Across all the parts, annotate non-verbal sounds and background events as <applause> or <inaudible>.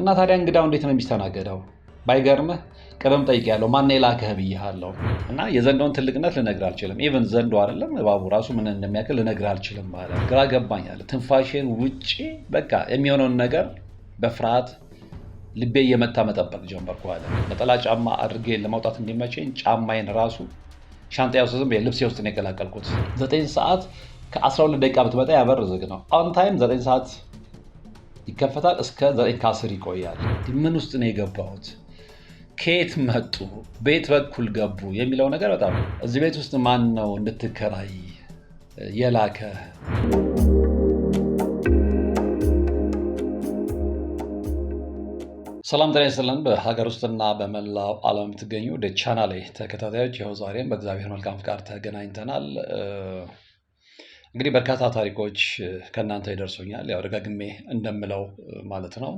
እና ታዲያ እንግዳው እንዴት ነው የሚስተናገደው? ባይገርምህ ቅድም ጠይቄያለሁ፣ ማን የላከህ ብዬሃለሁ። እና የዘንዶውን ትልቅነት ልነግር አልችልም። ኢቨን ዘንዶ አይደለም እባቡ ራሱ ምን እንደሚያክል ልነግር አልችልም። ማለት ግራ ገባኛል። ትንፋሽን ውጪ በቃ የሚሆነውን ነገር በፍርሃት ልቤ እየመታ መጠበቅ ጀመርኩ። አለ ነጠላ ጫማ አድርጌ ለማውጣት እንዲመቸኝ ጫማዬን ራሱ ሻንጣ ያውስዝም ልብሴ ውስጥ ነው የቀላቀልኩት። ዘጠኝ ሰዓት ከ12 ደቂቃ ብትመጣ ያበር ዝግ ነው። ኦን ታይም ዘጠኝ ሰዓት ይከፈታል። እስከ ዘጠኝ ከአስር ይቆያል። ምን ውስጥ ነው የገባሁት? ከየት መጡ? በየት በኩል ገቡ? የሚለው ነገር በጣም እዚህ ቤት ውስጥ ማን ነው እንድትከራይ የላከ? ሰላም ጤና ይስጥልን። በሀገር ውስጥና በመላው ዓለም የምትገኙ ደቻና ላይ ተከታታዮች ይኸው ዛሬም በእግዚአብሔር መልካም ፍቃድ ተገናኝተናል። እንግዲህ በርካታ ታሪኮች ከእናንተ ይደርሱኛል። ያው ደጋግሜ እንደምለው ማለት ነው።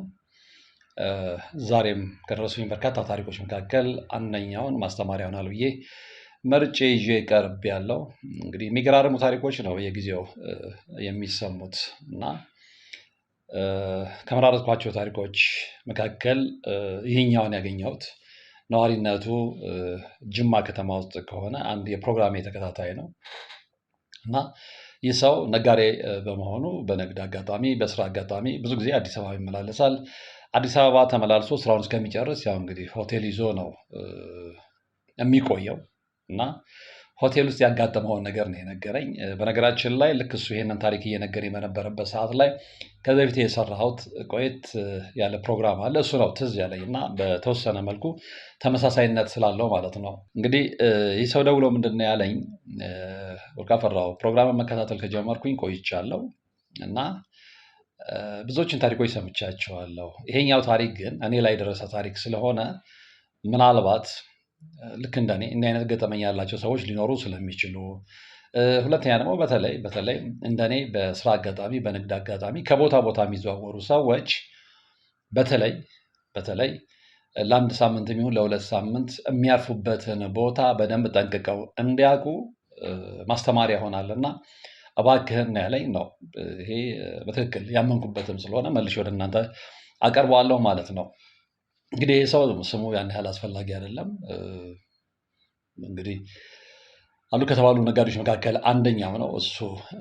ዛሬም ከደረሱኝ በርካታ ታሪኮች መካከል አንደኛውን ማስተማሪያ ይሆናል ብዬ መርጬ ይዤ ቀርብ ያለው እንግዲህ የሚገራርሙ ታሪኮች ነው የጊዜው የሚሰሙት እና ከመራረጥኳቸው ታሪኮች መካከል ይህኛውን ያገኘሁት ነዋሪነቱ ጅማ ከተማ ውስጥ ከሆነ አንድ የፕሮግራሜ ተከታታይ ነው እና ይህ ሰው ነጋዴ በመሆኑ በንግድ አጋጣሚ በስራ አጋጣሚ ብዙ ጊዜ አዲስ አበባ ይመላለሳል። አዲስ አበባ ተመላልሶ ስራውን እስከሚጨርስ ያው እንግዲህ ሆቴል ይዞ ነው የሚቆየው እና ሆቴል ውስጥ ያጋጠመውን ነገር ነው የነገረኝ። በነገራችን ላይ ልክ እሱ ይሄንን ታሪክ እየነገረኝ በነበረበት ሰዓት ላይ ከዚ በፊት የሰራሁት ቆየት ያለ ፕሮግራም አለ። እሱ ነው ትዝ ያለኝ እና በተወሰነ መልኩ ተመሳሳይነት ስላለው ማለት ነው። እንግዲህ ይህ ሰው ደውሎ ምንድን ነው ያለኝ፣ ፈራው ፕሮግራምን መከታተል ከጀመርኩኝ ቆይቻለሁ እና ብዙዎችን ታሪኮች ሰምቻቸዋለሁ። ይሄኛው ታሪክ ግን እኔ ላይ የደረሰ ታሪክ ስለሆነ ምናልባት ልክ እንደኔ እንዲህ አይነት ገጠመኝ ያላቸው ሰዎች ሊኖሩ ስለሚችሉ፣ ሁለተኛ ደግሞ በተለይ በተለይ እንደኔ በስራ አጋጣሚ፣ በንግድ አጋጣሚ ከቦታ ቦታ የሚዘዋወሩ ሰዎች በተለይ በተለይ ለአንድ ሳምንት የሚሆን ለሁለት ሳምንት የሚያርፉበትን ቦታ በደንብ ጠንቅቀው እንዲያውቁ ማስተማሪያ ይሆናል እና እባክህን ያለኝ ነው። ይሄ በትክክል ያመንኩበትም ስለሆነ መልሼ ወደ እናንተ አቀርበዋለሁ ማለት ነው። እንግዲህ ይህ ሰው ስሙ ያን ያህል አስፈላጊ አይደለም። እንግዲህ አሉ ከተባሉ ነጋዴዎች መካከል አንደኛው ነው እሱ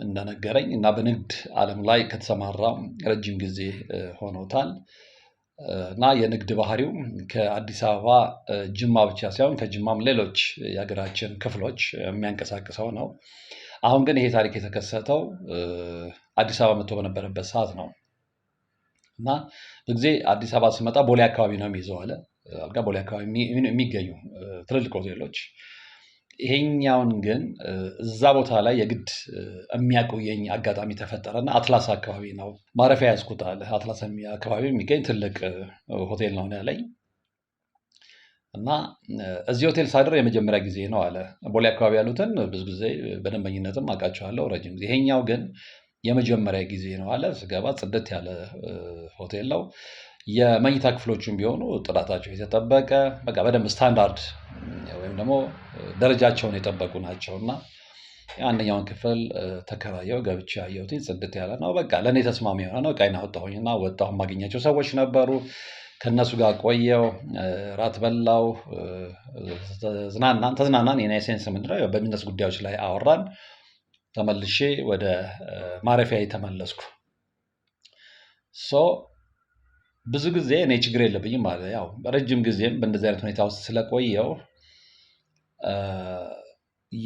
እንደነገረኝ እና በንግድ ዓለም ላይ ከተሰማራ ረጅም ጊዜ ሆኖታል እና የንግድ ባህሪው ከአዲስ አበባ ጅማ ብቻ ሳይሆን ከጅማም ሌሎች የሀገራችን ክፍሎች የሚያንቀሳቅሰው ነው። አሁን ግን ይሄ ታሪክ የተከሰተው አዲስ አበባ መጥቶ በነበረበት ሰዓት ነው። እና ብዙ ጊዜ አዲስ አበባ ሲመጣ ቦሌ አካባቢ ነው የሚይዘው አለ ቦሌ አካባቢ የሚገኙ ትልልቅ ሆቴሎች። ይሄኛውን ግን እዛ ቦታ ላይ የግድ የሚያቆየኝ አጋጣሚ ተፈጠረና አትላስ አካባቢ ነው ማረፊያ ያዝኩት አለ። አትላስ አካባቢ የሚገኝ ትልቅ ሆቴል ነው ያለኝ እና እዚህ ሆቴል ሳድር የመጀመሪያ ጊዜ ነው አለ። ቦሌ አካባቢ ያሉትን ብዙ ጊዜ በደንበኝነትም አውቃቸዋለሁ ረጅም ጊዜ። ይሄኛው ግን የመጀመሪያ ጊዜ ነው አለ። ስገባ ጽድት ያለ ሆቴል ነው። የመኝታ ክፍሎቹም ቢሆኑ ጥራታቸው የተጠበቀ በቃ በደንብ ስታንዳርድ ወይም ደግሞ ደረጃቸውን የጠበቁ ናቸው እና አንደኛውን ክፍል ተከራየው ገብቼ ያየሁት ጽድት ያለ ነው። በቃ ለእኔ ተስማሚ የሆነ ነው። ቃይና ወጣሁኝና ወጣሁ። ማገኛቸው ሰዎች ነበሩ። ከእነሱ ጋር ቆየው፣ ራት በላው፣ ተዝናናን። ተዝናናን የናይሴንስ ምንድነው በሚነስ ጉዳዮች ላይ አወራን። ተመልሼ ወደ ማረፊያ የተመለስኩ። ብዙ ጊዜ እኔ ችግር የለብኝም ማለት ያው ረጅም ጊዜም በእንደዚህ አይነት ሁኔታ ውስጥ ስለቆየው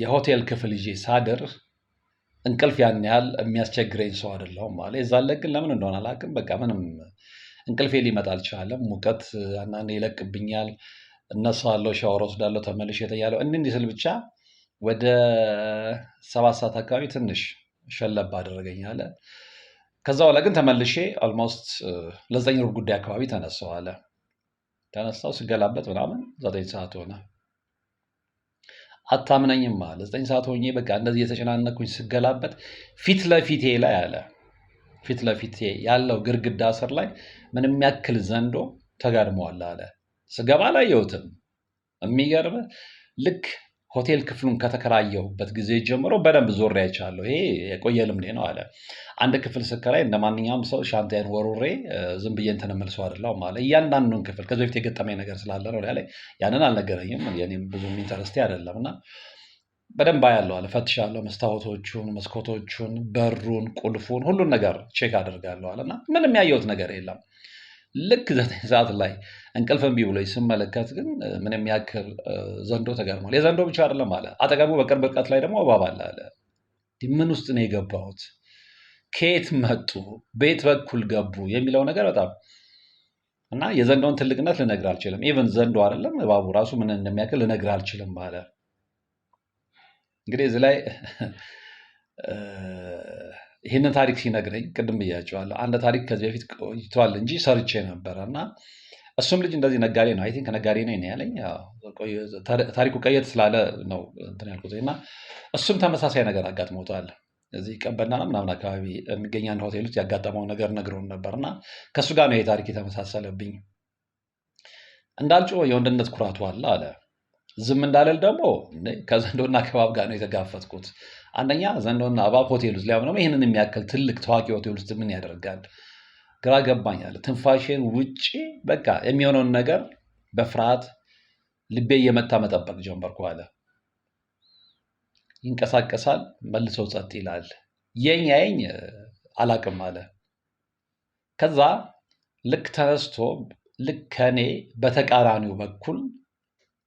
የሆቴል ክፍል ይዤ ሳድር እንቅልፍ ያን ያህል የሚያስቸግረኝ ሰው አይደለሁም ማለ የዛን ለግን ለምን እንደሆነ አላውቅም። በቃ ምንም እንቅልፌ ሊመጣ አልቻለም። ሙቀት አንዳንዴ ይለቅብኛል፣ እነሳለሁ፣ ሻወር ወስዳለሁ፣ ተመልሼ እተኛለሁ። እንዲህ እንዲህ ስል ብቻ ወደ ሰባት ሰዓት አካባቢ ትንሽ ሸለባ አደረገኝ አለ። ከዛ በኋላ ግን ተመልሼ ኦልሞስት ለዘጠኝ ሩብ ጉዳይ አካባቢ ተነሳው አለ። ተነሳው ስገላበት ምናምን ዘጠኝ ሰዓት ሆነ። አታምነኝም አለ። ዘጠኝ ሰዓት ሆኜ በቃ እንደዚህ የተጨናነኩኝ ስገላበት ፊት ለፊቴ ላይ አለ ፊት ለፊቴ ያለው ግድግዳ ስር ላይ ምንም ያክል ዘንዶ ተጋድመዋል አለ። ስገባ አላየሁትም። የሚገርምህ ልክ ሆቴል ክፍሉን ከተከራየሁበት ጊዜ ጀምሮ በደንብ ዞሬ አይቻለሁ። ይሄ የቆየ ልምዴ ነው አለ። አንድ ክፍል ስከራይ እንደ ማንኛውም ሰው ሻንጣዬን ወርውሬ ዝም ብዬ እንትን የምልሰው አይደለሁም አለ። እያንዳንዱን ክፍል ከዚ በፊት የገጠመኝ ነገር ስላለ ነው ያለ። ያንን አልነገረኝም። የእኔም ብዙም ኢንተረስቴ አይደለም እና በደንብ አያለሁ አለ። ፈትሻለሁ፣ መስታወቶቹን፣ መስኮቶቹን፣ በሩን፣ ቁልፉን፣ ሁሉን ነገር ቼክ አደርጋለሁ አለ እና ምንም ያየሁት ነገር የለም ልክ ዘጠኝ ሰዓት ላይ እንቅልፍ እምቢ ብሎኝ ስመለከት ግን ምን የሚያክል ዘንዶ ተገርሟል። የዘንዶ ብቻ አይደለም አለ፣ አጠገቡ በቅርብ ርቀት ላይ ደግሞ እባብ አለ አለ። ምን ውስጥ ነው የገባሁት? ከየት መጡ? ቤት በኩል ገቡ? የሚለው ነገር በጣም እና የዘንዶውን ትልቅነት ልነግር አልችልም። ኢቨን ዘንዶ አይደለም እባቡ ራሱ ምን እንደሚያክል ልነግር አልችልም አለ። እንግዲህ እዚህ ላይ ይህንን ታሪክ ሲነግረኝ ቅድም ብያቸዋለሁ፣ አንድ ታሪክ ከዚህ በፊት ቆይቷል እንጂ ሰርቼ ነበረ እና እሱም ልጅ እንደዚህ ነጋዴ ነው። አይ ቲንክ ነጋዴ ነው ያለኝ። ታሪኩ ቀየት ስላለ ነው እንትን ያልኩት እና እሱም ተመሳሳይ ነገር አጋጥሞታል። እዚህ ቀበና ምናምን አካባቢ የሚገኝ አንድ ሆቴል ውስጥ ያጋጠመው ነገር ነግረውን ነበር እና ከእሱ ጋር ነው የታሪክ የተመሳሰለብኝ። እንዳልጮ የወንድነት ኩራቱ አለ አለ ዝም እንዳለል ደግሞ ከዘንዶና ከባብ ጋር ነው የተጋፈጥኩት። አንደኛ ዘንዶና አባብ ሆቴል ውስጥ ሊያምነው ይህንን የሚያክል ትልቅ ታዋቂ ሆቴል ውስጥ ምን ያደርጋል? ግራ ገባኛል። ትንፋሽን ውጭ በቃ የሚሆነውን ነገር በፍርሃት ልቤ እየመታ መጠበቅ ጀመርኩ አለ። ይንቀሳቀሳል፣ መልሶ ጸጥ ይላል። የኝ የኝ አላቅም አለ። ከዛ ልክ ተነስቶ ልክ ከኔ በተቃራኒው በኩል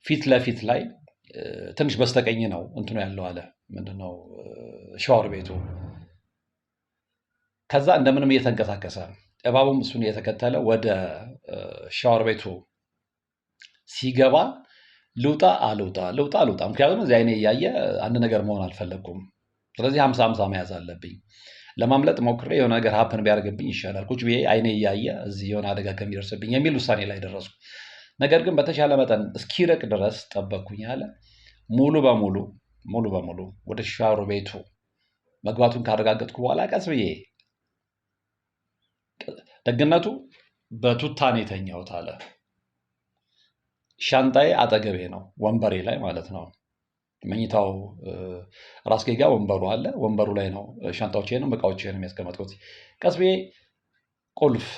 ፊት ለፊት ላይ ትንሽ በስተቀኝ ነው እንትኑ ያለው አለ። ምንድነው ሸዋር ቤቱ። ከዛ እንደምንም እየተንቀሳቀሰ እባቡም እሱን እየተከተለ ወደ ሻወር ቤቱ ሲገባ ልውጣ አልውጣ ልውጣ አልውጣ፣ ምክንያቱም እዚህ አይኔ እያየ አንድ ነገር መሆን አልፈለግኩም። ስለዚህ ሀምሳ ሀምሳ መያዝ አለብኝ። ለማምለጥ ሞክሬ የሆነ ነገር ሀፕን ቢያደርግብኝ ይሻላል ቁጭ ብዬ አይኔ እያየ እዚህ የሆነ አደጋ ከሚደርስብኝ የሚል ውሳኔ ላይ ደረስኩ። ነገር ግን በተሻለ መጠን እስኪረቅ ድረስ ጠበቅኩኝ አለ። ሙሉ በሙሉ ሙሉ በሙሉ ወደ ሻሩ ቤቱ መግባቱን ካረጋገጥኩ በኋላ ቀስ ብዬ ደግነቱ በቱታን የተኛሁት አለ። ሻንጣዬ አጠገቤ ነው፣ ወንበሬ ላይ ማለት ነው። መኝታው ራስጌ ጋር ወንበሩ አለ። ወንበሩ ላይ ነው ሻንጣዎቼንም እቃዎቼንም ያስቀመጥኩት። ቀስ ብዬ ቁልፍ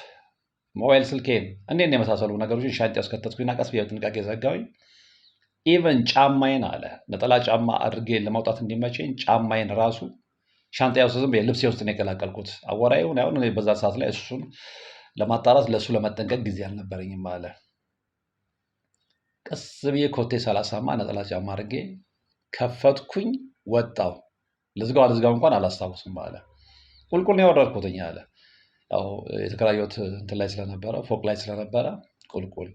ሞባይል ስልኬን እንዴት የመሳሰሉ ነገሮችን ሻንጣ ውስጥ ከተትኩኝና ቀስ ብዬ ጥንቃቄ ዘጋሁኝ። ኢቨን ጫማዬን አለ ነጠላ ጫማ አድርጌ ለማውጣት እንዲመቸኝ ጫማዬን ራሱ ሻንጣ ውስጥ ዝም ልብሴ ውስጥ ነው የቀላቀልኩት። አወራ ይሁን በዛ ሰዓት ላይ እሱን ለማጣራት ለእሱ ለመጠንቀቅ ጊዜ አልነበረኝም አለ። ቀስ ብዬ ኮቴ ሰላሳማ ነጠላ ጫማ አድርጌ ከፈትኩኝ፣ ወጣው ልዝጋው አልዝጋው እንኳን አላስታውስም አለ። ቁልቁል ነው ያወረድኩትኝ አለ ያው የተከራየሁት እንትን ላይ ስለነበረ ፎቅ ላይ ስለነበረ ቁልቁል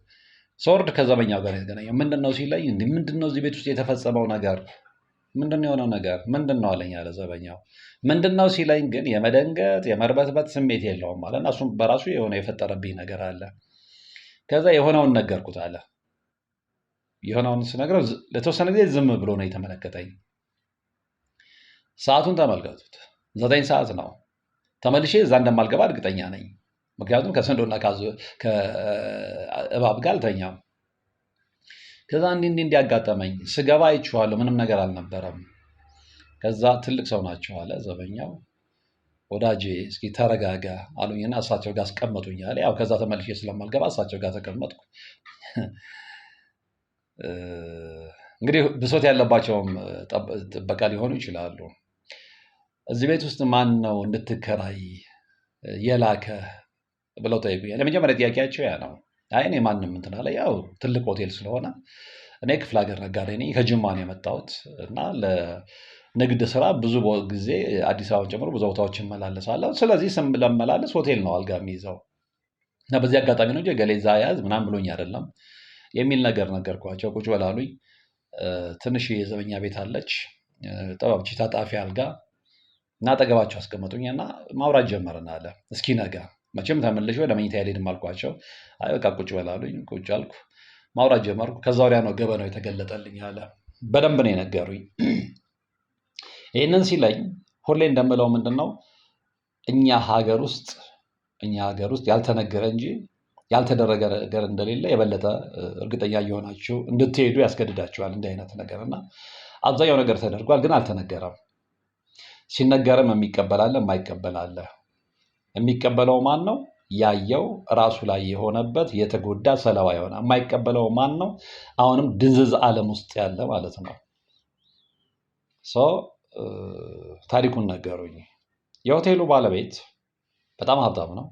ሶርድ ከዘበኛው ጋር የተገናኘ ምንድን ነው ሲለኝ፣ እንዲህ ምንድን ነው እዚህ ቤት ውስጥ የተፈጸመው ነገር ምንድን ነው የሆነው ነገር ምንድን ነው አለኝ አለ ዘበኛው። ምንድን ነው ሲለኝ ግን የመደንገጥ የመርበትበት ስሜት የለውም አለ እና እሱም በራሱ የሆነ የፈጠረብኝ ነገር አለ። ከዛ የሆነውን ነገርኩት አለ። የሆነውን ስነግረው ለተወሰነ ጊዜ ዝም ብሎ ነው የተመለከተኝ። ሰዓቱን ተመልከቱት፣ ዘጠኝ ሰዓት ነው። ተመልሼ እዛ እንደማልገባ እርግጠኛ ነኝ። ምክንያቱም ከስንዶና ከእባብ ጋር አልተኛም። ከዛ እንዲ እንዲ እንዲያጋጠመኝ ስገባ አይቼዋለሁ። ምንም ነገር አልነበረም። ከዛ ትልቅ ሰው ናቸው አለ ዘበኛው። ወዳጄ እስኪ ተረጋጋ አሉኝና እሳቸው ጋር አስቀመጡኝ አለ። ያው ከዛ ተመልሼ ስለማልገባ እሳቸው ጋር ተቀመጥኩ። <laughs> እንግዲህ ብሶት ያለባቸውም ጥበቃ ሊሆኑ ይችላሉ። እዚህ ቤት ውስጥ ማን ነው እንድትከራይ የላከ ብለው ጠይቁኛል። የመጀመሪያ ጥያቄያቸው ያ ነው። አይ እኔ ማንም እንትን አለ። ያው ትልቅ ሆቴል ስለሆነ እኔ ክፍለ ሀገር ነጋዴ ነኝ፣ ከጅማ ነው የመጣሁት እና ለንግድ ስራ ብዙ ጊዜ አዲስ አበባን ጨምሮ ብዙ ቦታዎች እመላለሳለሁ። ስለዚህ ስም ለመላለስ ሆቴል ነው አልጋ የሚይዘው እና በዚህ አጋጣሚ ነው እንጂ ገሌዛ ያዝ ምናምን ብሎኝ አይደለም የሚል ነገር ነገርኳቸው። ቁጭ በላሉኝ። ትንሽ የዘበኛ ቤት አለች፣ ጠባብቺ ታጣፊ አልጋ እና አጠገባቸው አስቀመጡኝ እና ማውራት ጀመርን አለ። እስኪ ነጋ መቼም ተመልሼ ወደ መኝታ ያልሄድም አልኳቸው። አይ በቃ ቁጭ በላሉኝ። ቁጭ አልኩ፣ ማውራት ጀመርኩ። ከዛ ወዲያ ነው ገበናው የተገለጠልኝ አለ። በደንብ ነው የነገሩኝ። ይህንን ሲለኝ ሁሌ እንደምለው ምንድን ነው እኛ ሀገር ውስጥ እኛ ሀገር ውስጥ ያልተነገረ እንጂ ያልተደረገ ነገር እንደሌለ የበለጠ እርግጠኛ እየሆናችሁ እንድትሄዱ ያስገድዳችኋል። እንዲህ አይነት ነገር እና አብዛኛው ነገር ተደርጓል፣ ግን አልተነገረም። ሲነገርም የሚቀበላለ የማይቀበላለ የሚቀበለው ማን ነው? ያየው ራሱ ላይ የሆነበት የተጎዳ ሰለባ የሆነ የማይቀበለው ማን ነው? አሁንም ድንዝዝ ዓለም ውስጥ ያለ ማለት ነው። ታሪኩን ነገሩኝ። የሆቴሉ ባለቤት በጣም ሀብታም ነው።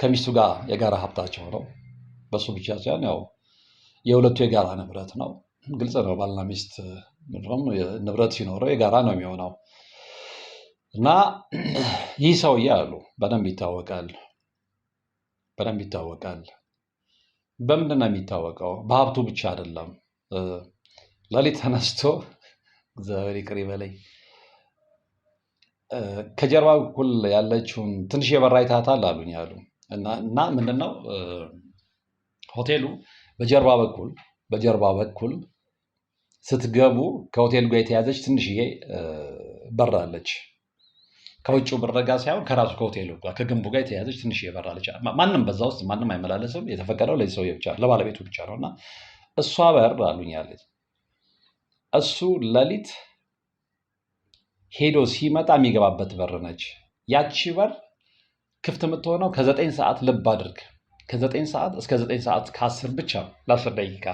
ከሚስቱ ጋር የጋራ ሀብታቸው ነው። በሱ ብቻ ሳይሆን ያው የሁለቱ የጋራ ንብረት ነው። ግልጽ ነው። ባልና ሚስት ምድም ንብረት ሲኖረው የጋራ ነው የሚሆነው እና ይህ ሰውዬ አሉ በደንብ ይታወቃል፣ በደንብ ይታወቃል። በምንድን ነው የሚታወቀው? በሀብቱ ብቻ አይደለም። ለሊት ተነስቶ እግዚአብሔር ይቅር በላይ ከጀርባ በኩል ያለችውን ትንሽ የበራ ይታታል አሉኝ አሉ እና ምንድነው ሆቴሉ በጀርባ በኩል በጀርባ በኩል ስትገቡ ከሆቴል ጋር የተያዘች ትንሽዬ በር አለች። ከውጭው በር ጋር ሳይሆን ከራሱ ከሆቴሉ ጋር ከግንቡ ጋር የተያዘች ትንሽዬ በራለች። ማንም በዛ ውስጥ ማንም አይመላለስም። የተፈቀደው ለዚህ ሰውዬ ብቻ ለባለቤቱ ብቻ ነው እና እሷ በር አሉኝ እሱ ለሊት ሄዶ ሲመጣ የሚገባበት በር ነች። ያቺ በር ክፍት የምትሆነው ከዘጠኝ ሰዓት ልብ አድርግ ከዘጠኝ ሰዓት እስከ ዘጠኝ ሰዓት ከአስር ብቻ ለአስር ደቂቃ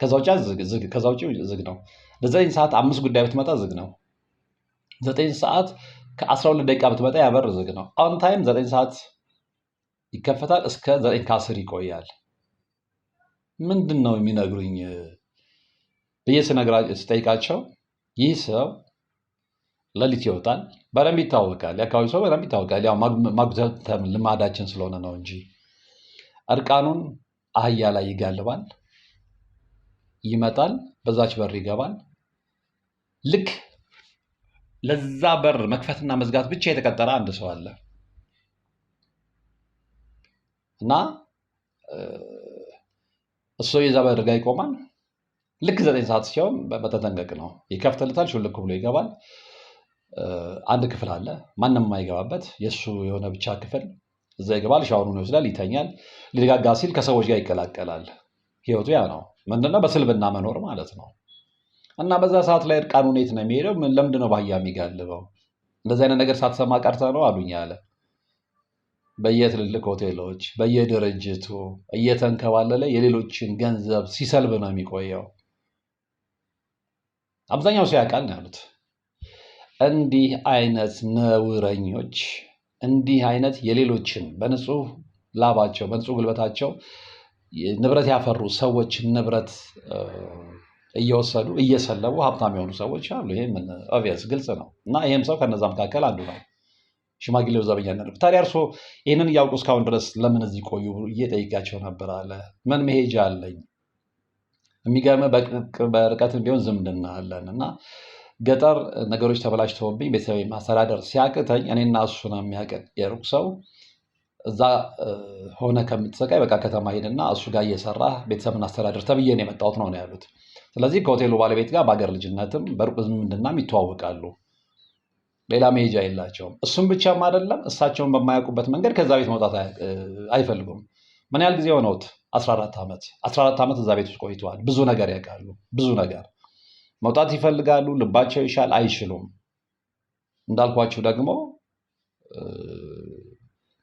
ከዛ ውጭ ዝግ ከዛ ውጭ ዝግ ነው። ለዘጠኝ ሰዓት አምስት ጉዳይ ብትመጣ ዝግ ነው። ዘጠኝ ሰዓት ከአስራ ሁለት ደቂቃ ብትመጣ ያበር ዝግ ነው። ኦን ታይም ዘጠኝ ሰዓት ይከፈታል፣ እስከ ዘጠኝ ከአስር ይቆያል። ምንድን ነው የሚነግሩኝ ብዬ ስጠይቃቸው ይህ ሰው ለሊት ይወጣል። በደንብ ይታወቃል፣ የአካባቢ ሰው በደንብ ይታወቃል። ያው ማጉዘተም ልማዳችን ስለሆነ ነው እንጂ እርቃኑን አህያ ላይ ይጋልባል። ይመጣል፣ በዛች በር ይገባል። ልክ ለዛ በር መክፈትና መዝጋት ብቻ የተቀጠረ አንድ ሰው አለ እና እሱ የዛ በር ጋ ይቆማል። ልክ ዘጠኝ ሰዓት ሲሆን በተጠንቀቅ ነው ይከፍትልታል። ሹልክ ብሎ ይገባል። አንድ ክፍል አለ ማንም የማይገባበት የእሱ የሆነ ብቻ ክፍል፣ እዛ ይገባል። ሻወሩን ይወስዳል፣ ይተኛል። ሊረጋጋ ሲል ከሰዎች ጋር ይቀላቀላል። ህይወቱ ያ ነው። ምንድነው? በስልብና መኖር ማለት ነው። እና በዛ ሰዓት ላይ እርቃኑን የት ነው የሚሄደው? ለምንድን ነው ባህያ የሚጋልበው? እንደዚህ አይነት ነገር ሳትሰማ ቀርተ ነው አሉኝ አለ። በየትልልቅ ሆቴሎች በየድርጅቱ እየተንከባለለ የሌሎችን ገንዘብ ሲሰልብ ነው የሚቆየው። አብዛኛው ሰው ያውቃል ነው ያሉት። እንዲህ አይነት ነውረኞች፣ እንዲህ አይነት የሌሎችን በንጹህ ላባቸው በንጹህ ጉልበታቸው ንብረት ያፈሩ ሰዎችን ንብረት እየወሰዱ እየሰለቡ ሀብታም የሆኑ ሰዎች አሉ። ይህ ኦብቪየስ ግልጽ ነው እና ይህም ሰው ከነዛ መካከል አንዱ ነው። ሽማግሌው ዘበኛ ነበር። ታዲያ እርሶ ይህንን እያውቁ እስካሁን ድረስ ለምን እዚህ ቆዩ እየጠይቃቸው ነበር አለ። ምን መሄጃ አለኝ? የሚገርም በርቀትን ቢሆን ዝምድና አለን እና ገጠር ነገሮች ተበላሽተውብኝ ቤተሰብ ማስተዳደር ሲያቅተኝ እኔና እሱ ነው የሚያውቀን የሩቅ ሰው እዛ ሆነ ከምትሰቃይ በቃ ከተማ ሄድና እሱ ጋር እየሰራ ቤተሰብን አስተዳደር ተብዬ ነው የመጣሁት ነው ያሉት። ስለዚህ ከሆቴሉ ባለቤት ጋር በአገር ልጅነትም በሩቅ ዝምድናም ይተዋወቃሉ። ሌላ መሄጃ የላቸውም። እሱም ብቻም አይደለም እሳቸውን በማያውቁበት መንገድ ከዛ ቤት መውጣት አይፈልጉም። ምን ያህል ጊዜ ሆነውት? 14 ዓመት 14 ዓመት እዛ ቤት ውስጥ ቆይተዋል። ብዙ ነገር ያውቃሉ። ብዙ ነገር መውጣት ይፈልጋሉ። ልባቸው ይሻል፣ አይችሉም። እንዳልኳችሁ ደግሞ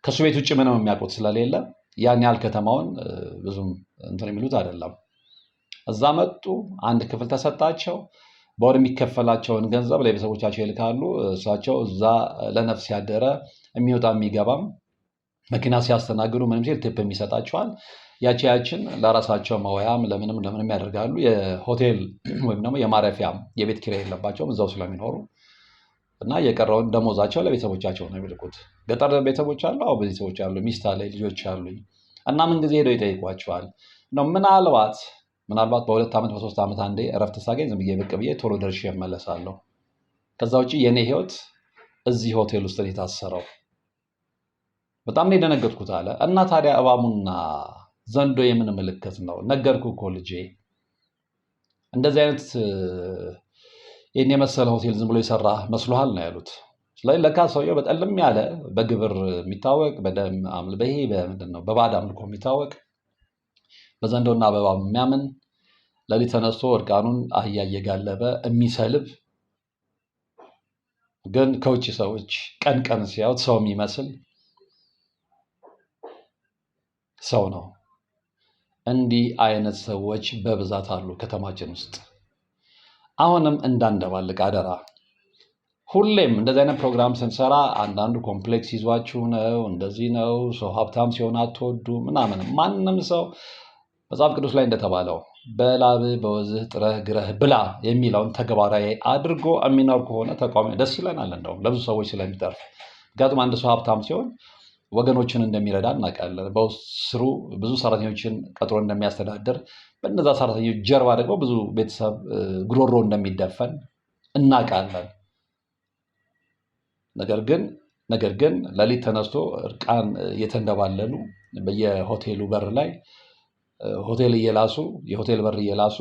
ከእሱ ቤት ውጭ ምንም የሚያውቁት ስለሌለ ያን ያህል ከተማውን ብዙም እንትን የሚሉት አይደለም። እዛ መጡ፣ አንድ ክፍል ተሰጣቸው። በወር የሚከፈላቸውን ገንዘብ ለቤተሰቦቻቸው ይልካሉ። እሳቸው እዛ ለነፍስ ያደረ የሚወጣ የሚገባም መኪና ሲያስተናግዱ ምንም ሲል ቲፕ የሚሰጣቸዋል። ያቺ ያችን ለራሳቸው መወያም ለምንም ለምንም ያደርጋሉ። የሆቴል ወይም ደግሞ የማረፊያ የቤት ኪራይ የለባቸውም እዛው ስለሚኖሩ እና የቀረውን ደሞዛቸው ለቤተሰቦቻቸው ነው የሚልኩት። ገጠር ቤተሰቦች አሉ። አሁ ቤተሰቦች አሉ። ሚስት አለ፣ ልጆች አሉኝ እና ምን ጊዜ ሄደው ይጠይቋቸዋል። ነው ምናልባት ምናልባት በሁለት ዓመት በሶስት ዓመት አንዴ እረፍት ሳገኝ ዝም ብዬ ብቅ ብዬ ቶሎ ደርሼ እመለሳለሁ። ከዛ ውጭ የእኔ ህይወት እዚህ ሆቴል ውስጥ የታሰረው። በጣም ነው የደነገጥኩት አለ እና ታዲያ እባሙና ዘንዶ የምን ምልክት ነው? ነገርኩ እኮ ልጄ እንደዚህ አይነት ይህን የመሰለ ሆቴል ዝም ብሎ የሰራ መስሎሃል ነው ያሉት። ስለዚህ ለካ ሰውየው በጠልም ያለ በግብር የሚታወቅ በይሄ ምንድን ነው በባዕድ አምልኮ የሚታወቅ በዘንዶና በባ የሚያምን ለሊት ተነስቶ እርቃኑን አህያ እየጋለበ የሚሰልብ ግን ከውጭ ሰዎች ቀን ቀን ሲያዩት ሰው የሚመስል ሰው ነው። እንዲህ አይነት ሰዎች በብዛት አሉ ከተማችን ውስጥ። አሁንም እንዳንደባልቅ አደራ። ሁሌም እንደዚህ አይነት ፕሮግራም ስንሰራ አንዳንዱ ኮምፕሌክስ ይዟችሁ ነው፣ እንደዚህ ነው፣ ሰው ሀብታም ሲሆን አትወዱ ምናምን። ማንም ሰው መጽሐፍ ቅዱስ ላይ እንደተባለው በላብህ በወዝህ ጥረህ ግረህ ብላ የሚለውን ተግባራዊ አድርጎ የሚኖር ከሆነ ተቃዋሚ ደስ ይለናል። እንደውም ለብዙ ሰዎች ስለሚጠርፍ ምክንያቱም አንድ ሰው ሀብታም ሲሆን ወገኖችን እንደሚረዳ እናውቃለን። በስሩ ብዙ ሰራተኞችን ቀጥሮ እንደሚያስተዳድር በነዛ ሰራተኞች ጀርባ ደግሞ ብዙ ቤተሰብ ጉሮሮ እንደሚደፈን እናውቃለን። ነገር ግን ነገር ግን ሌሊት ተነስቶ እርቃን እየተንደባለሉ በየሆቴሉ በር ላይ ሆቴል እየላሱ የሆቴል በር እየላሱ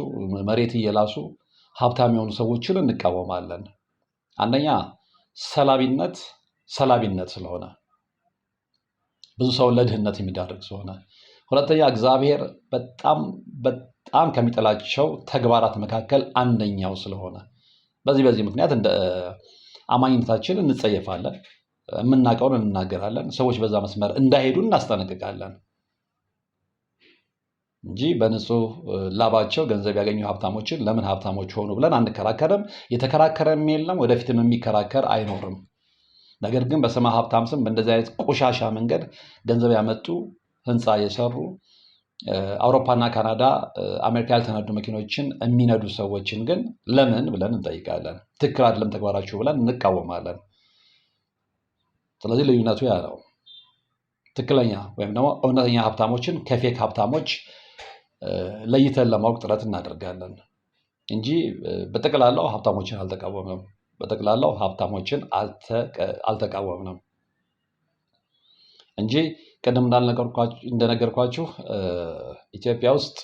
መሬት እየላሱ ሀብታም የሆኑ ሰዎችን እንቃወማለን። አንደኛ ሰላቢነት ሰላቢነት ስለሆነ ብዙ ሰውን ለድህነት የሚዳርግ ስለሆነ ሁለተኛ እግዚአብሔር በጣም በጣም ከሚጠላቸው ተግባራት መካከል አንደኛው ስለሆነ በዚህ በዚህ ምክንያት እንደ አማኝነታችን እንጸየፋለን፣ የምናውቀውን እንናገራለን፣ ሰዎች በዛ መስመር እንዳይሄዱ እናስጠነቅቃለን እንጂ በንጹህ ላባቸው ገንዘብ ያገኙ ሀብታሞችን ለምን ሀብታሞች ሆኑ ብለን አንከራከርም። የተከራከረም የለም፣ ወደፊትም የሚከራከር አይኖርም። ነገር ግን በስመ ሀብታም ስም በእንደዚህ አይነት ቆሻሻ መንገድ ገንዘብ ያመጡ ህንፃ የሰሩ አውሮፓና ካናዳ አሜሪካ ያልተነዱ መኪኖችን የሚነዱ ሰዎችን ግን ለምን ብለን እንጠይቃለን። ትክክል አይደለም ተግባራችሁ ብለን እንቃወማለን። ስለዚህ ልዩነቱ ያ ነው። ትክክለኛ ወይም ደግሞ እውነተኛ ሀብታሞችን ከፌክ ሀብታሞች ለይተን ለማወቅ ጥረት እናደርጋለን እንጂ በጠቅላላው ሀብታሞችን አልተቃወምንም። በጠቅላላው ሀብታሞችን አልተቃወምንም። እንጂ ቅድም እንደነገርኳችሁ ኢትዮጵያ ውስጥ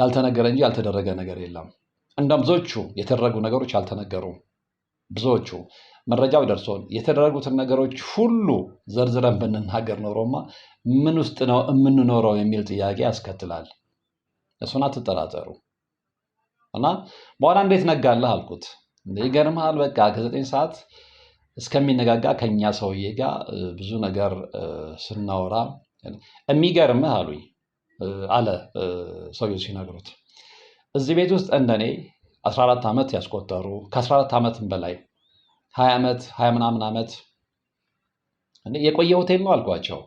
ያልተነገረ እንጂ ያልተደረገ ነገር የለም። እንደ ብዙዎቹ የተደረጉ ነገሮች አልተነገሩም። ብዙዎቹ መረጃው ደርሶን የተደረጉትን ነገሮች ሁሉ ዘርዝረን ብንናገር ኖሮማ ምን ውስጥ ነው የምንኖረው የሚል ጥያቄ ያስከትላል። እሱን አትጠራጠሩ። እና በኋላ እንዴት ነጋለህ አልኩት። ይገርምሃል በቃ ከዘጠኝ ሰዓት እስከሚነጋጋ ከኛ ሰውዬ ጋር ብዙ ነገር ስናወራ የሚገርምህ አሉኝ አለ ሰውዬው ሲነግሩት እዚህ ቤት ውስጥ እንደኔ 14 ዓመት ያስቆጠሩ ከ14 ዓመትም በላይ 20 ዓመት 20 ምናምን ዓመት የቆየ ሆቴል ነው አልኳቸው።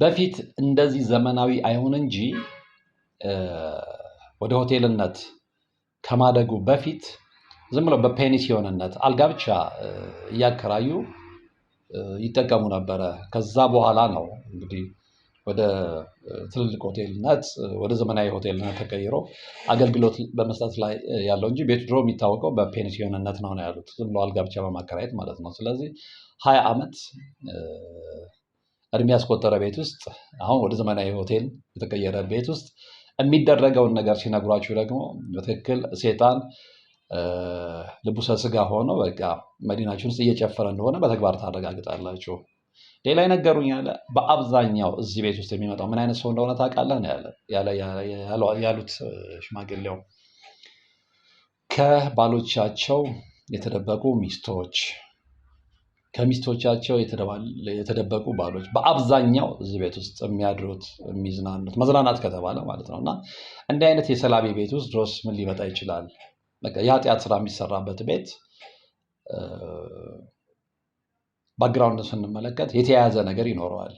በፊት እንደዚህ ዘመናዊ አይሆን እንጂ ወደ ሆቴልነት ከማደጉ በፊት ዝም ብለው በፔኒሲዮንነት አልጋ ብቻ እያከራዩ ይጠቀሙ ነበረ። ከዛ በኋላ ነው እንግዲህ ወደ ትልልቅ ሆቴልነት ወደ ዘመናዊ ሆቴልነት ተቀይሮ አገልግሎት በመስጠት ላይ ያለው እንጂ ቤቱ ድሮ የሚታወቀው በፔንሲዮንነት ነው ነው ያሉት። ዝም ብሎ አልጋ ብቻ በማከራየት ማለት ነው። ስለዚህ ሀያ ዓመት እድሜ ያስቆጠረ ቤት ውስጥ አሁን ወደ ዘመናዊ ሆቴል የተቀየረ ቤት ውስጥ የሚደረገውን ነገር ሲነግሯችሁ ደግሞ በትክክል ሴጣን ልቡሰ ስጋ ሆኖ በቃ መዲናችን ውስጥ እየጨፈረ እንደሆነ በተግባር ታረጋግጣላችሁ። ሌላ ይነገሩኝ ያለ በአብዛኛው እዚህ ቤት ውስጥ የሚመጣው ምን አይነት ሰው እንደሆነ ታውቃለህ ያሉት ሽማግሌው ከባሎቻቸው የተደበቁ ሚስቶች፣ ከሚስቶቻቸው የተደበቁ ባሎች በአብዛኛው እዚህ ቤት ውስጥ የሚያድሩት የሚዝናኑት፣ መዝናናት ከተባለ ማለት ነው። እና እንዲህ አይነት የሰላቤ ቤት ውስጥ ድሮስ ምን ሊመጣ ይችላል? በቃ የኃጢአት ስራ የሚሰራበት ቤት ባክግራውንድ ስንመለከት የተያያዘ ነገር ይኖረዋል።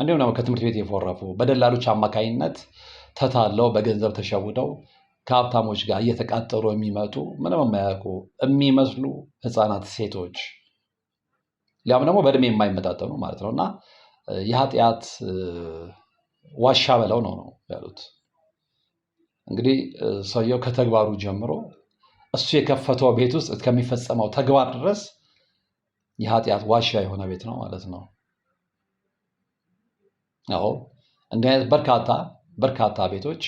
እንዲሁም ደግሞ ከትምህርት ቤት የፎረፉ በደላሎች አማካኝነት ተታለው በገንዘብ ተሸውደው ከሀብታሞች ጋር እየተቃጠሩ የሚመጡ ምንም የማያውቁ የሚመስሉ ህፃናት፣ ሴቶች ሊያም ደግሞ በእድሜ የማይመጣጠኑ ማለት ነው እና የኃጢአት ዋሻ በለው ነው ነው ያሉት። እንግዲህ ሰውየው ከተግባሩ ጀምሮ እሱ የከፈተው ቤት ውስጥ እስከሚፈጸመው ተግባር ድረስ የኃጢአት ዋሻ የሆነ ቤት ነው ማለት ነው። አዎ እንዲህ አይነት በርካታ በርካታ ቤቶች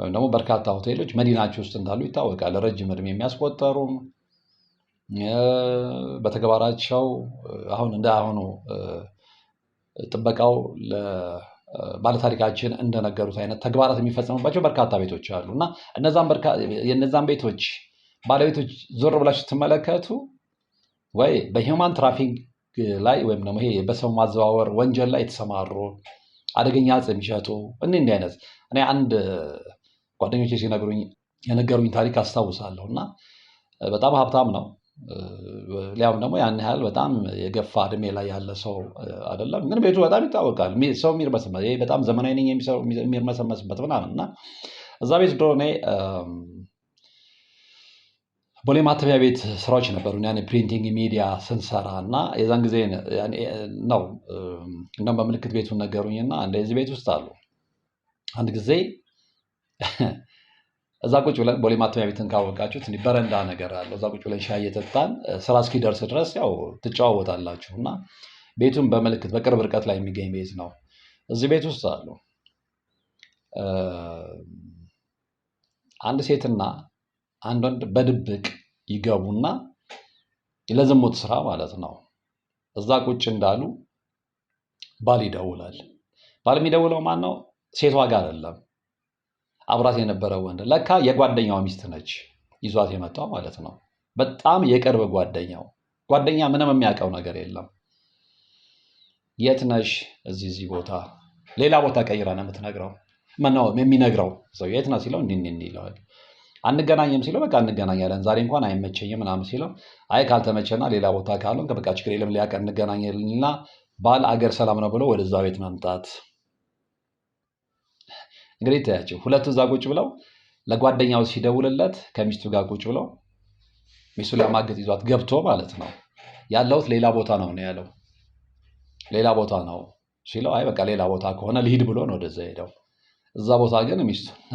ወይም ደግሞ በርካታ ሆቴሎች መዲናቸው ውስጥ እንዳሉ ይታወቃል። ረጅም እድሜ የሚያስቆጠሩም በተግባራቸው አሁን እንዳሁኑ ጥበቃው ባለታሪካችን እንደነገሩት አይነት ተግባራት የሚፈጸምባቸው በርካታ ቤቶች አሉ እና የእነዛን ቤቶች ባለቤቶች ዞር ብላችሁ ስትመለከቱ ወይ በሂውማን ትራፊክ ላይ ወይም ደግሞ ይሄ በሰው ማዘዋወር ወንጀል ላይ የተሰማሩ አደገኛ ዕፅ የሚሸጡ እኒ እንዲህ አይነት እኔ አንድ ጓደኞች ሲነግሩኝ የነገሩኝ ታሪክ አስታውሳለሁ እና በጣም ሀብታም ነው ሊያውም ደግሞ ያን ያህል በጣም የገፋ እድሜ ላይ ያለ ሰው አይደለም። ግን ቤቱ በጣም ይታወቃል። ሰው የሚርመሰመስ በጣም ዘመናዊ ነኝ የሚርመሰመስበት ምናምን እና እዛ ቤት ድሮ እኔ ቦሌ ማተሚያ ቤት ስራዎች ነበሩ። ፕሪንቲንግ ሚዲያ ስንሰራ እና የዛን ጊዜ ነው እንደም በምልክት ቤቱን ነገሩኝ እና እንደዚህ ቤት ውስጥ አሉ አንድ ጊዜ እዛ ቁጭ ብለን ቦሌ ማተሚያ ቤትን ካወቃችሁት እንዲህ በረንዳ ነገር አለው። እዛ ቁጭ ብለን ሻይ እየጠጣን ስራ እስኪደርስ ድረስ ያው ትጨዋወታላችሁ እና ቤቱን በምልክት በቅርብ ርቀት ላይ የሚገኝ ቤት ነው። እዚህ ቤት ውስጥ አሉ አንድ ሴትና አንድ ወንድ በድብቅ ይገቡና ለዝሙት ስራ ማለት ነው። እዛ ቁጭ እንዳሉ ባል ይደውላል። ባል የሚደውለው ማን ነው? ሴቷ ጋር አይደለም አብራት የነበረ ወንድ ለካ የጓደኛው ሚስት ነች ይዟት የመጣው ማለት ነው። በጣም የቅርብ ጓደኛው ጓደኛ ምንም የሚያውቀው ነገር የለም። የት ነሽ? እዚህ እዚህ ቦታ ሌላ ቦታ ቀይራ ነው የምትነግረው። ምነው የሚነግረው ሰው የት ነው ሲለው እንዲህ ይለዋል። አንገናኝም ሲለው በቃ እንገናኛለን፣ ዛሬ እንኳን አይመቸኝም ምናምን ሲለው አይ ካልተመቸና ሌላ ቦታ ካለን በቃ ችግር የለም ሊያቀ እንገናኝልና ባል አገር ሰላም ነው ብሎ ወደዛ ቤት መምጣት እንግዲህ ታያቸው ሁለቱ እዛ ቁጭ ብለው ለጓደኛው ሲደውልለት ከሚስቱ ጋር ቁጭ ብለው ሚስቱ ለማገዝ ይዟት ገብቶ ማለት ነው ያለሁት ሌላ ቦታ ነው ነው ያለው። ሌላ ቦታ ነው ሲለው አይ በቃ ሌላ ቦታ ከሆነ ልሂድ ብሎ ነው ወደዛ ሄደው። እዛ ቦታ ግን ሚስቱና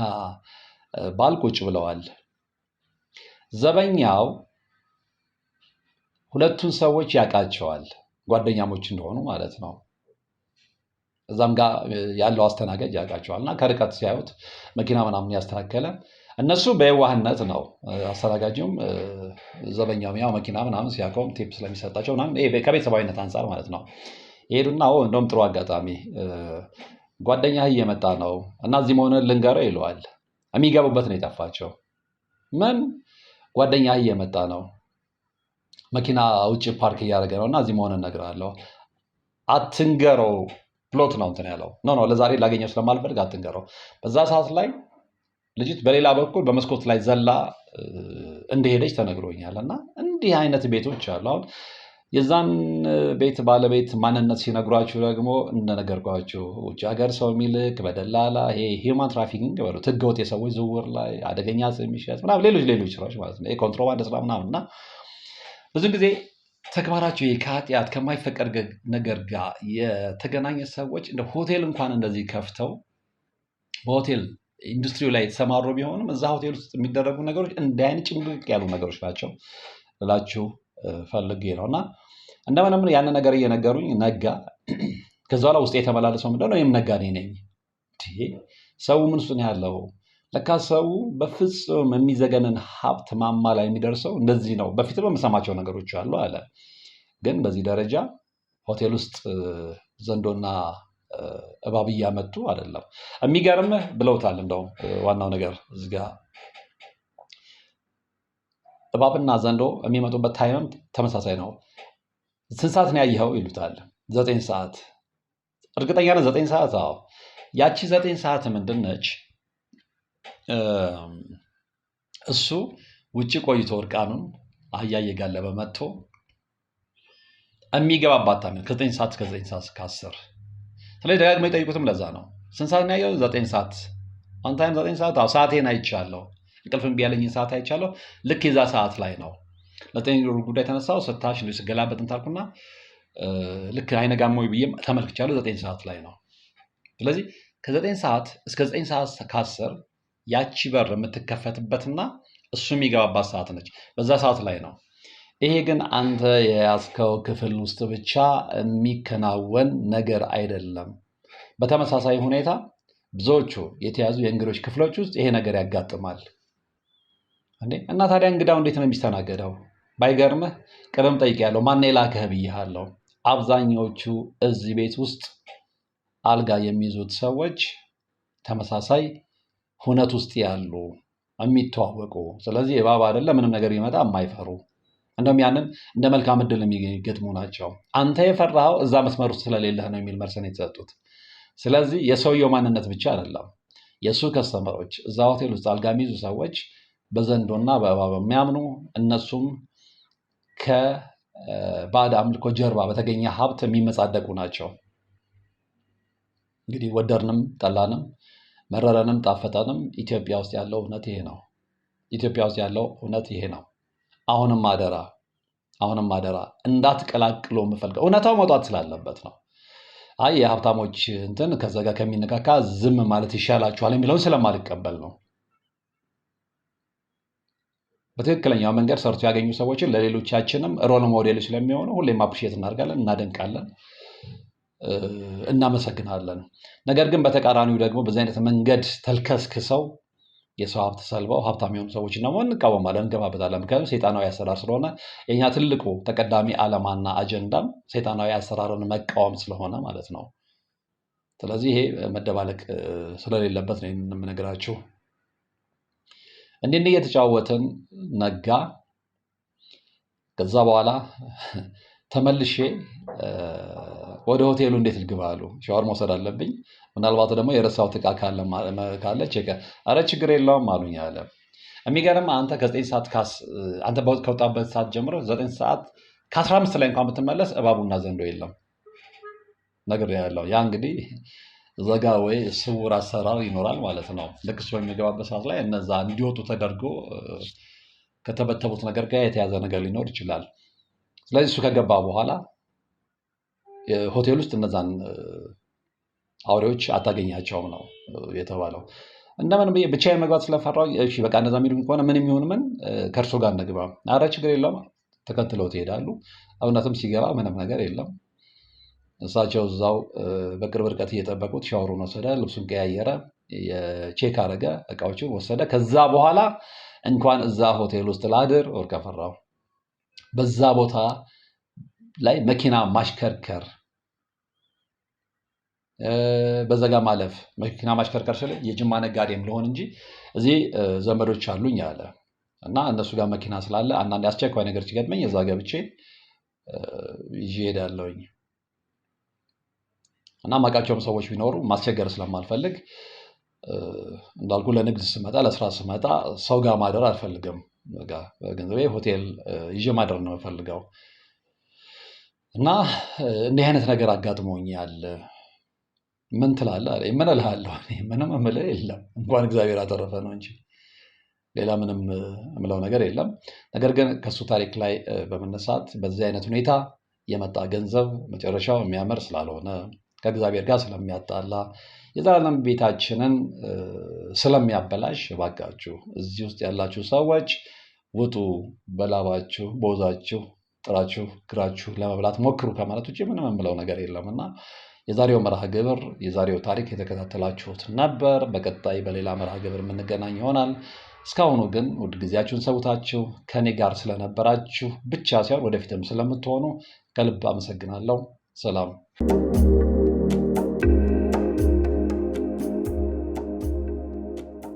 ባል ቁጭ ብለዋል። ዘበኛው ሁለቱን ሰዎች ያውቃቸዋል፣ ጓደኛሞች እንደሆኑ ማለት ነው። እዛም ጋር ያለው አስተናጋጅ ያውቃቸዋል እና ከርቀት ሲያዩት መኪና ምናምን ያስተካከለ እነሱ በየዋህነት ነው። አስተናጋጁም ዘበኛውም ያው መኪና ምናምን ሲያቆም ቲፕ ስለሚሰጣቸው ከቤተሰባዊነት አንጻር ማለት ነው ይሄዱና እንደውም ጥሩ አጋጣሚ ጓደኛ እየመጣ ነው እና እዚህ መሆንህን ልንገረው ይለዋል። የሚገቡበት ነው የጠፋቸው። ምን ጓደኛ እየመጣ ነው መኪና ውጭ ፓርክ እያደረገ ነው እና እዚህ መሆንህን እነግርሃለሁ አትንገረው ፍሎት ነው እንትን ያለው ኖ ኖ ለዛሬ ላገኘው ስለማልፈልግ አትንገረው። በዛ ሰዓት ላይ ልጅት በሌላ በኩል በመስኮት ላይ ዘላ እንደሄደች ተነግሮኛል። እና እንዲህ አይነት ቤቶች አሉ። አሁን የዛን ቤት ባለቤት ማንነት ሲነግሯችሁ ደግሞ እንደነገርኳችሁ ውጭ ሀገር ሰው የሚልክ በደላላ ይሄ ሂውማን ትራፊኪንግ በሉት ህገወጥ የሰዎች ዝውውር ላይ አደገኛ የሚሸጥ ምናምን ሌሎች ሌሎች ስራዎች ማለት ነው። የኮንትሮባንድ ስራ ምናምን እና ብዙ ጊዜ ተግባራቸው ይሄ ከኃጢአት ከማይፈቀድ ነገር ጋር የተገናኘ ሰዎች እንደ ሆቴል እንኳን እንደዚህ ከፍተው በሆቴል ኢንዱስትሪው ላይ የተሰማሩ ቢሆንም እዛ ሆቴል ውስጥ የሚደረጉ ነገሮች እንደ አይነት ጭምቅቅ ያሉ ነገሮች ናቸው ላችሁ ፈልጌ ነው። እና እንደምንም ያንን ነገር እየነገሩኝ ነጋ። <clears throat> ከዛ በኋላ ውስጥ የተመላለሰው ምንድን ነው? ይህም ነኝ። ሰው ምን ውስጥ ነው ያለው? ለካ ሰው በፍጹም የሚዘገንን ሀብት ማማ ላይ የሚደርሰው እንደዚህ ነው። በፊት በምሰማቸው ነገሮች አሉ አለ። ግን በዚህ ደረጃ ሆቴል ውስጥ ዘንዶና እባብ እያመጡ አይደለም። የሚገርምህ ብለውታል። እንደውም ዋናው ነገር እዚጋ እባብና ዘንዶ የሚመጡበት ታይምም ተመሳሳይ ነው። ስንት ሰዓት ነው ያየኸው ይሉታል። ዘጠኝ ሰዓት እርግጠኛ ነህ? ዘጠኝ ሰዓት አዎ። ያቺ ዘጠኝ ሰዓት ምንድን ነች? እሱ ውጭ ቆይቶ እርቃኑን አህያ እየጋለበ መጥቶ የሚገባባት ታይም ከዘጠኝ ሰዓት እስከ ዘጠኝ ሰዓት እስከ አስር ስለዚህ ደጋግመው የጠይቁትም ለዛ ነው። ስንት ሰዓት ያየው? ዘጠኝ ሰዓት አንታይም ዘጠኝ ሰዓት አዎ፣ ሰዓቴን አይቻለሁ። እንቅልፍ እምቢ ያለኝን ሰዓት አይቻለሁ። ልክ የዛ ሰዓት ላይ ነው ለዘጠኝ ጉዳይ ተነሳው ስታሽ ስገላበት እንታልኩና ልክ አይነጋሞ ብዬም ተመልክቻለሁ። ዘጠኝ ሰዓት ላይ ነው። ስለዚህ ከዘጠኝ ሰዓት እስከ ዘጠኝ ሰዓት ከአስር ያቺ በር የምትከፈትበትና እሱ የሚገባባት ሰዓት ነች። በዛ ሰዓት ላይ ነው። ይሄ ግን አንተ የያዝከው ክፍል ውስጥ ብቻ የሚከናወን ነገር አይደለም። በተመሳሳይ ሁኔታ ብዙዎቹ የተያዙ የእንግዶች ክፍሎች ውስጥ ይሄ ነገር ያጋጥማል። እና ታዲያ እንግዳው እንዴት ነው የሚስተናገደው? ባይገርምህ ቅድም ያለው ማን የላከህ ብዬሃለሁ። አብዛኛዎቹ እዚህ ቤት ውስጥ አልጋ የሚይዙት ሰዎች ተመሳሳይ ሁነት ውስጥ ያሉ የሚተዋወቁ ስለዚህ እባብ አይደለ ምንም ነገር ቢመጣ የማይፈሩ እንደውም ያንን እንደ መልካም እድል የሚገጥሙ ናቸው። አንተ የፈራኸው እዛ መስመር ውስጥ ስለሌለህ ነው የሚል መርሰን የተሰጡት። ስለዚህ የሰውየው ማንነት ብቻ አይደለም። የእሱ ከስተመሮች እዛ ሆቴል ውስጥ አልጋ የሚይዙ ሰዎች በዘንዶና በእባብ የሚያምኑ እነሱም ከባድ አምልኮ ጀርባ በተገኘ ሀብት የሚመጻደቁ ናቸው። እንግዲህ ወደርንም ጠላንም መረረንም ጣፈጠንም ኢትዮጵያ ውስጥ ያለው እውነት ይሄ ነው። ኢትዮጵያ ውስጥ ያለው እውነት ይሄ ነው። አሁንም አደራ አሁንም አደራ እንዳትቀላቅሎ የምፈልገው እውነታው መውጣት ስላለበት ነው። አይ የሀብታሞች እንትን ከዛ ጋር ከሚነካካ ዝም ማለት ይሻላችኋል የሚለውን ስለማልቀበል ነው። በትክክለኛው መንገድ ሰርቶ ያገኙ ሰዎችን ለሌሎቻችንም ሮል ሞዴል ስለሚሆኑ ሁሌም አፕሪሼት እናደርጋለን፣ እናደንቃለን። እናመሰግናለን። ነገር ግን በተቃራኒው ደግሞ በዚህ አይነት መንገድ ተልከስክሰው የሰው ሀብት ሰልበው ሀብታም የሆኑ ሰዎች ደግሞ እንቃወማለን፣ እንገባበታለን። ምክንያቱም ሴጣናዊ አሰራር ስለሆነ የኛ ትልቁ ተቀዳሚ ዓላማና አጀንዳም ሴጣናዊ አሰራርን መቃወም ስለሆነ ማለት ነው። ስለዚህ ይሄ መደባለቅ ስለሌለበት ነው የምነግራችሁ። እንዲህ እየተጫወትን ነጋ። ከዛ በኋላ ተመልሼ ወደ ሆቴሉ እንዴት ልግባ አሉ። ሻወር መውሰድ አለብኝ። ምናልባት ደግሞ የረሳው ዕቃ ካለ ቼክ፣ አረ ችግር የለውም አሉኝ አለ። የሚገርም አንተ ከዘጠኝ ሰዓት አንተ ከወጣበት ሰዓት ጀምሮ ዘጠኝ ሰዓት ከአስራ አምስት ላይ እንኳን ብትመለስ እባቡና ዘንዶ የለም ነገር ያለው ያ እንግዲህ ዘጋ ወይ ስውር አሰራር ይኖራል ማለት ነው። ልክ እሱ በሚገባበት ሰዓት ላይ እነዛ እንዲወጡ ተደርጎ ከተበተቡት ነገር ጋር የተያዘ ነገር ሊኖር ይችላል። ስለዚህ እሱ ከገባ በኋላ ሆቴል ውስጥ እነዛን አውሬዎች አታገኛቸውም ነው የተባለው። እንደምን ብቻ የመግባት ስለፈራው እሺ በቃ እነዛ የሚሉኝ ከሆነ ምን የሚሆን ምን ከእርሶ ጋር እንግባ፣ አረ ችግር የለም ተከትለው ትሄዳሉ። እውነትም ሲገባ ምንም ነገር የለም። እሳቸው እዛው በቅርብ ርቀት እየጠበቁት ሻወሩን ወሰደ፣ ልብሱን ቀያየረ፣ ቼክ አረገ እቃዎችን ወሰደ። ከዛ በኋላ እንኳን እዛ ሆቴል ውስጥ ላድር ወርቀፈራው በዛ ቦታ ላይ መኪና ማሽከርከር በዘጋ ማለፍ መኪና ማሽከርከር ስለ የጅማ ነጋዴም ልሆን እንጂ እዚህ ዘመዶች አሉኝ አለ እና እነሱ ጋር መኪና ስላለ አንዳንድ አስቸኳይ ነገር ሲገጥመኝ እዛ ገብቼ ይዤ እሄዳለሁኝ እና ማውቃቸውም ሰዎች ቢኖሩ ማስቸገር ስለማልፈልግ እንዳልኩ ለንግድ ስመጣ ለስራ ስመጣ ሰው ጋር ማደር አልፈልግም። ገንዘቤ ሆቴል ይዤ ማደር ነው የምፈልገው እና እንዲህ አይነት ነገር አጋጥሞኝ ያለ ምን ትላለ አለኝ። ምን እልሃለሁ ምንም የምልህ የለም እንኳን እግዚአብሔር አተረፈ ነው እንጂ ሌላ ምንም የምለው ነገር የለም። ነገር ግን ከእሱ ታሪክ ላይ በመነሳት በዚህ አይነት ሁኔታ የመጣ ገንዘብ መጨረሻው የሚያምር ስላልሆነ ከእግዚአብሔር ጋር ስለሚያጣላ የዘላለም ቤታችንን ስለሚያበላሽ እባካችሁ እዚህ ውስጥ ያላችሁ ሰዎች ውጡ፣ በላባችሁ በወዛችሁ ጥራችሁ ግራችሁ ለመብላት ሞክሩ ከማለት ውጭ ምንም የምለው ነገር የለም እና የዛሬው መርሃ ግብር የዛሬው ታሪክ የተከታተላችሁት ነበር። በቀጣይ በሌላ መርሃ ግብር የምንገናኝ ይሆናል። እስካሁኑ ግን ውድ ጊዜያችሁን ሰውታችሁ ከኔ ጋር ስለነበራችሁ ብቻ ሳይሆን ወደፊትም ስለምትሆኑ ከልብ አመሰግናለሁ። ሰላም